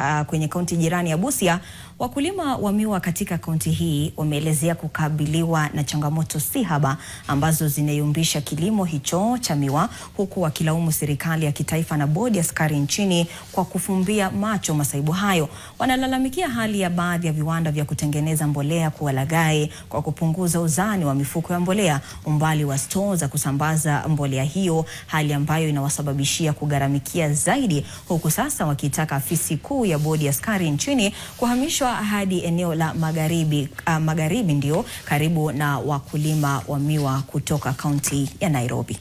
Uh, kwenye kaunti jirani ya Busia, wakulima wa miwa katika kaunti hii wameelezea kukabiliwa na changamoto si haba ambazo zinayumbisha kilimo hicho cha miwa, huku wakilaumu serikali ya kitaifa na bodi ya sukari nchini kwa kufumbia macho masaibu hayo. Wanalalamikia hali ya baadhi ya viwanda vya kutengeneza mbolea kuwalaghai kwa kupunguza uzani wa mifuko ya mbolea, umbali wa stoo za kusambaza mbolea hiyo, hali ambayo inawasababishia kugharamikia zaidi, huku sasa wakitaka afisi kuu kuu ya bodi ya sukari nchini kuhamishwa hadi eneo la magharibi uh, magharibi ndio karibu na wakulima wa miwa kutoka kaunti ya Nairobi.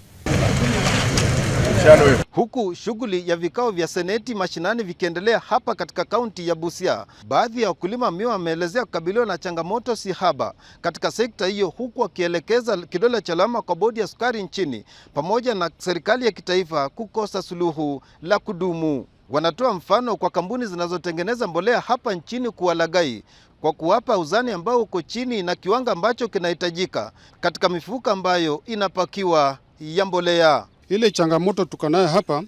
Huku shughuli ya vikao vya seneti mashinani vikiendelea hapa katika kaunti ya Busia, baadhi ya wakulima miwa wameelezea kukabiliwa na changamoto si haba katika sekta hiyo, huku wakielekeza kidole cha lawama kwa bodi ya sukari nchini pamoja na serikali ya kitaifa kukosa suluhu la kudumu. Wanatoa mfano kwa kampuni zinazotengeneza mbolea hapa nchini kuwalaghai kwa kuwapa uzani ambao uko chini na kiwango ambacho kinahitajika katika mifuko ambayo inapakiwa ya mbolea. Ile changamoto tukanayo hapa,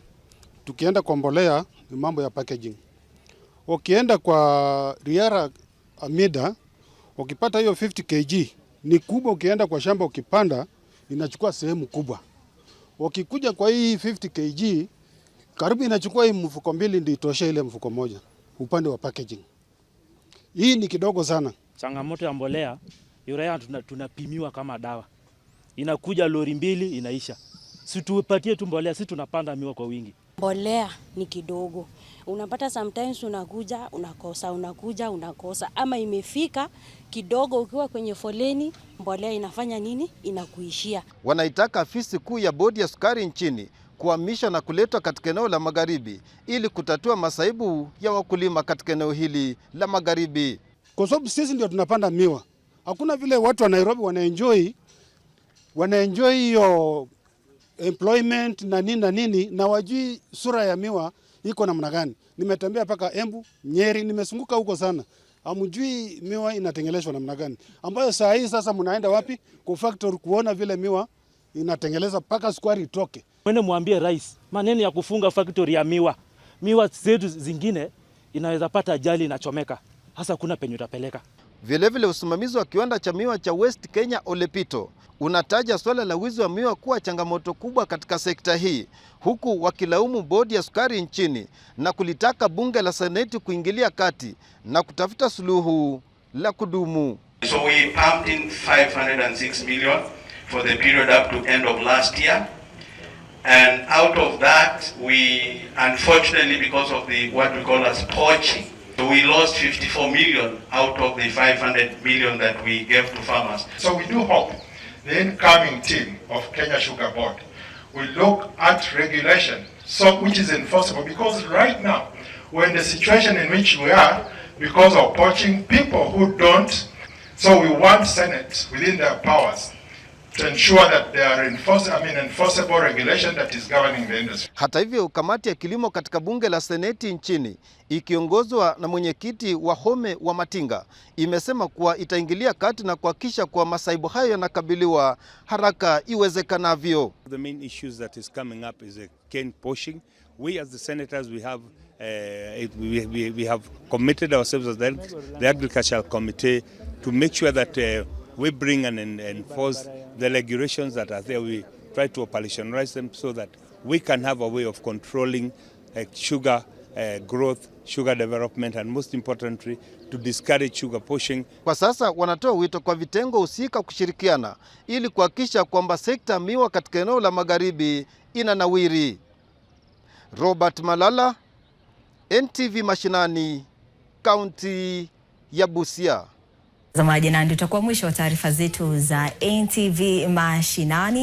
tukienda kwa mbolea ni mambo ya packaging. Ukienda kwa Riara Amida, ukipata hiyo 50 kg ni kubwa, ukienda kwa shamba ukipanda inachukua sehemu kubwa. Ukikuja kwa hii 50 kg karibu inachukua hii mfuko mbili ndio itoshe ile mfuko moja upande wa packaging. Hii ni kidogo sana. Changamoto ya mbolea, urea tunapimiwa kama dawa, inakuja lori mbili inaisha. Si tu mbolea, si tunapanda miwa kwa wingi. Mbolea ni kidogo, unapata sometimes unakuja unakosa, unakuja unakosa, ama imefika kidogo, ukiwa kwenye foleni, mbolea inafanya nini? Inakuishia. Wanaitaka afisi kuu ya bodi ya sukari nchini kuhamisha na kuletwa katika eneo la magharibi ili kutatua masaibu ya wakulima katika eneo hili la magharibi, kwa sababu sisi ndio tunapanda miwa. Hakuna vile watu wa Nairobi wanaenjoy wanaenjoy hiyo employment na nini na nini, na wajui sura ya miwa iko namna gani. Nimetembea mpaka Embu, Nyeri, nimesunguka huko sana, amjui miwa inatengeleshwa namna gani, ambayo saa hii sasa mnaenda wapi ku factory kuona vile miwa inatengeleza mpaka sukari itoke. Mwende mwambie rais maneno ya kufunga factory ya miwa, miwa zetu zingine inaweza pata ajali, inachomeka hasa, kuna penye utapeleka. Vilevile, usimamizi wa kiwanda cha miwa cha West Kenya Olepito unataja suala la wizi wa miwa kuwa changamoto kubwa katika sekta hii, huku wakilaumu bodi ya sukari nchini na kulitaka bunge la seneti kuingilia kati na kutafuta suluhu la kudumu. So we pumped in 506 million. for the period up to end of last year. And out of that, we unfortunately, because of the what we call as poaching, we lost 54 million out of the 500 million that we gave to farmers. So we do hope the incoming team of Kenya Sugar Board will look at regulation, so which is enforceable, because right now we're in the situation in which we are because of poaching people who don't. So we want Senate within their powers to ensure that there are enforce, I mean, enforceable regulation that is governing the industry. Hata hivyo, kamati ya kilimo katika bunge la seneti nchini ikiongozwa na mwenyekiti wa Home wa Matinga imesema kuwa itaingilia kati na kuhakikisha kuwa masaibu hayo yanakabiliwa haraka iwezekanavyo. The main issues that is coming up is a cane poaching. We as the senators we have Uh, we, we, we have committed ourselves as the, the Agricultural Committee to make sure that uh, we bring and enforce the regulations that are there. We try to operationalize them so that we can have a way of controlling uh, sugar uh, growth, sugar development and most importantly to discourage sugar pushing. Kwa sasa wanatoa wito kwa vitengo husika kushirikiana ili kuhakikisha kwamba sekta miwa katika eneo la magharibi inanawiri. Robert Malala, NTV Mashinani, kaunti ya Busia. Mtazamaji, na ndio utakuwa mwisho wa taarifa zetu za NTV Mashinani.